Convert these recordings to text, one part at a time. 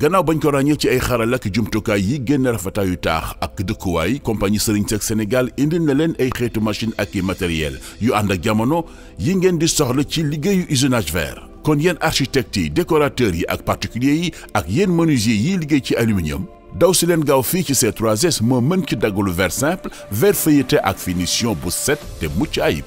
gannaaw bañ ko ràññee ci ay xaral jumtukaay yi génn rafetaayu taax ak dëkkuwaay compagnie Serigne Seck Sénégal indil na leen ay xeetu machine ak i matériel yu ànd ak jamono yi ngeen di soxla ci liggéeyu usinage vert. kon yéen architectes yi décorateur yi ak particulier yi ak yéen menuisier yiy liggéey ci aluminium daw si leen gaaw fii ci ces 3S moo mën ci daggalu verre simple verre feuilleté ak finition bu set te mucc ayib.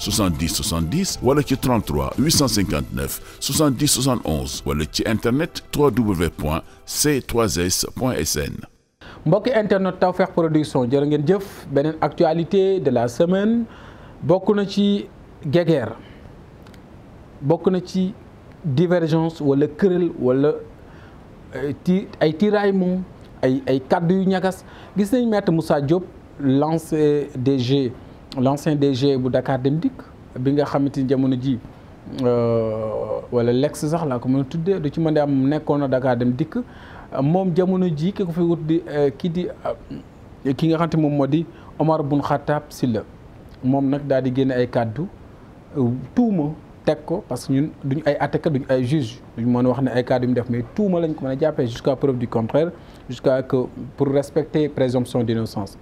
70 70 wala ci 33 859 70 71 wala ci internet www.c3s.sn. mbokki internet Tawfekh Production jërë ngeen jëf beneen actualité de la semaine bokk na ci guerre bokk na ci divergence wala këral wala euh, ti ay tiraay moom ay ay yu ñagas gis nañ maître Moussa Diop lancé des jets l'ancien DG bu Dakar Dem Dikk bi nga xamante ni jamono ji euh, wala lex sax laa ko mën a tuddee du ci mën a am nekkoon na Dakar Dem Dikk moom jamono ji ki ko fi wut di euh, kii di euh, ki nga xamante moom moo di Omar Bun Khattab Silla moom nag daal di génne ay kàddu tuuma teg ko parce que ñun duñ ay attaqué duñ ay juge duñ mën wax ne ay kàddu mu def mais tuuma lañ ko mën a jàppee jusqu'à preuve du contraire jusqu'à que pour respecter présomption d'innocence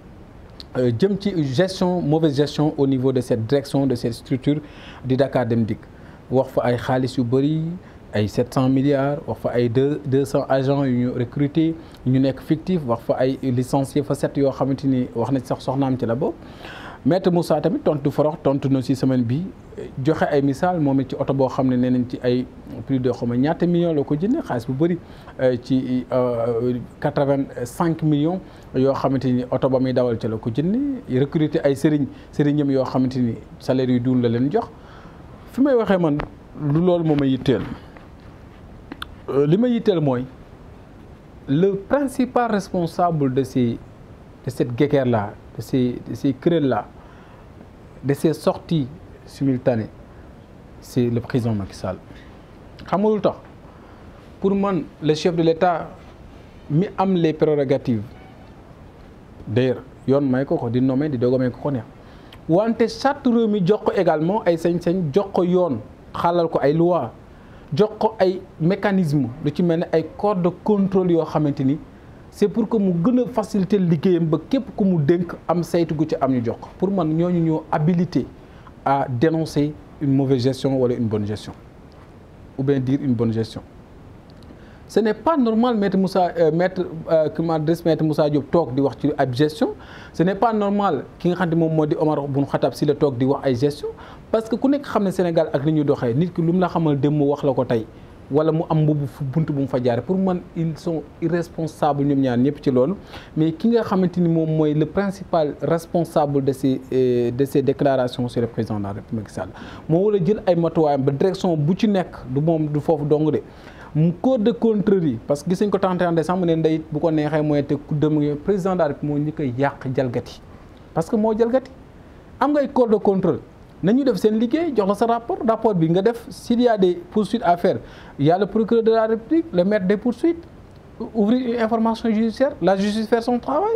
Euh, jëm ci gestion mauvaise gestion au niveau de cette direction de cette structure di Dakar Dem Dikk wax fa ay xaalis yu bëri ay 700 milliards wax fa ay deux 200 agents yu ñu recruter ñu nekk fictif wax fa ay licenciés fa set yoo xamante ni wax na sax soxnaam ci la bokk. maître Moussa tamit tontu forox tontu no si semaine bi joxe ay misaal moom ci oto boo xam ne nee nañ ci ay plus de xawma ñaate million la ko jëndee xaalis bu bëri euh, ci euh, quatre-vingt-cinq millions yoo xamante ni oto ba muy dawal ca la ko jëndee recruter ay sëriñ sëriñam yoo xamante ni salaire yu duun la leen jox fi may waxee man lu loolu moom ma yitteel euh, li ma yitteel mooy le principal responsable de ces de cette guerre de ces, de la querelles-là, de ces sorties simultanées, c'est le prison Macky Sall. xam nga tax pour man le chef de l'État mi am les prérogatives d'ailleurs yoon may ko ko di nommer di dogomee ko ko neex wante charte réew mi jox ko également ay sañ-sañ jox ko yoon xalal ko ay loi jox ko ay mécanisme lu ci mel ni ay corps de contrôle yoo xamante ni c'est pour que mu gën a faciliter liggéeyam ba képp ku mu dénk am saytu gu ci am ñu jox pour man ñooñu ñoo abilité à dénoncer une mauvaise gestion wala une bonne gestion ou bien dire une bonne gestion ce n'est pas normal maître Moussa euh, maître ki ma adresse maître Moussa Diop toog di wax ci ab gestion ce n'est pas normal ki nga xam ne moom moo di Omar Bun Khattab si la toog di wax ay gestion parce que ku nekk xam ne Sénégal ak ni ñu doxee nit ki lu mu la xamal démb wax la ko tey wala mu am mbubb mbubu bunt bu mu fa jaare pour man ils sont irresponsables ñoom ñaan ñëpp ci loolu mais ki nga xamante ni moom mooy le principal responsable de ces euh, de ces déclarations sur le président de moo war a jël ay matuwaayam ba direction bu ci nekk du moom du foofu dong de mu code de contrerie parce que gis nañ ko 31 décembre ne ndey bu ko neexee mooy te ku dem président de la République moo ñu koy yàq parce que moo jalgati am ngay code de contrôle nañu def seen liggéey jox la sa rapport rapport bi nga def s'il y a des affaire à y a le procureur de la République le maître de poursuites ouvrir une information judiciaire la justice faire son travail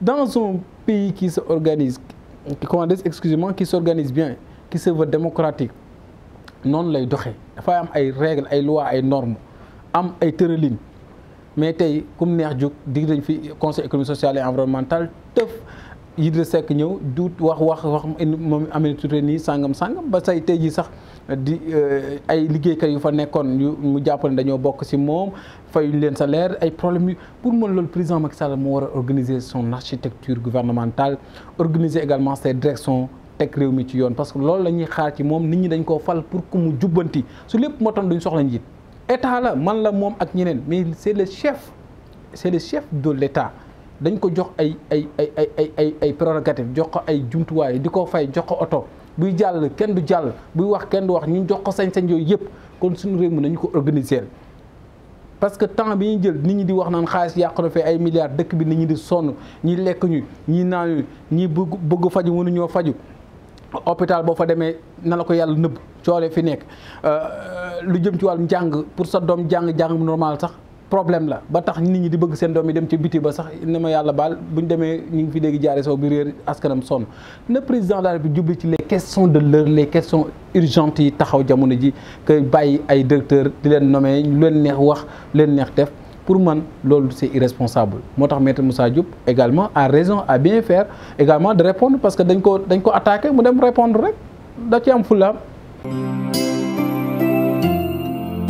dans un pays qui se organise comment dire excusez-moi qui s'organise bien qui se veut démocratique noonu lay doxe dafay am ay règles ay loi ay normes am ay tëralin mais tey comme neex jug dig nañu fi conseil économique social et environnemental tëf Idrissa Seck ñëw du wax wax wax moom amee Touré nii sangam sangam ba say tey jii sax di euh, ay liggéeykat yu fa nekkoon yu mu jàpp ne dañoo bokk si moom fayuñ leen salaire ay problème yu pour man loolu président Macky Sall mu war a organiser son architecture gouvernementale organiser également ses directions teg réew mi ci yoon parce que loolu la ñuy xaar ci moom nit ñi dañ koo fal pour que mu jubbanti su lépp moo tax duñ soxla njiit état la man la moom ak ñeneen mais c'est le chef c'est le chef de l'état dañ ko jox ay ay ay ay ay ay ay prérogative jox ko ay jumtuwaay di ko fay jox ko oto buy jàll kenn du jàll buy wax kenn du wax ñu jox ko sañ-sañ yooyu yëpp kon suñu réew mi nañu ko organiser parce que temps bi ñu jël nit ñi di wax naan xaalis yàq na ay milliards dëkk bi nit ñi di sonn ñi lekk ñu ñi naan ñu ñi bëgg bëgg faju mënuñoo faju hôpital boo fa demee na la ko yàlla nëbb coole fi nekk euh, lu jëm ci wàllu njàng pour sa doom jàng jàng normal sax problème la ba tax nit ñi di bëgg seen doom yi dem ci biti ba sax ne ma yàlla baal bu ñu demee ñu ngi fi dégg jaare sow bi réer askanam sonn na président de la République jubli ci les questions de l'heure les questions urgentes yi taxaw jamono ji que bàyyi ay directeur di leen nommer lu leen neex wax lu leen neex def pour man loolu c'est irresponsable moo tax maître Moussa Diop également à raison à bien faire également de répondre parce que dañ ko dañ ko attaqué mu dem répondre rek da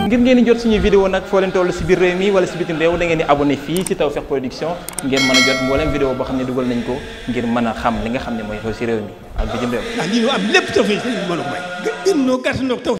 ngir ngeen jot suñuy vidéo nag foo leen toll si biir réew mi wala si bitim réew da ngeen di abonné fii si Tawfekh Production ngeen mën a jot mboolem vidéo boo xam ne dugal nañ ko ngir mën a xam li nga xam ne mooy xew si réew mi ak bitim réew. ndax lii am lépp Tawfekh sëriñ bi mën a may. gën noo gàtt noo Tawfekh.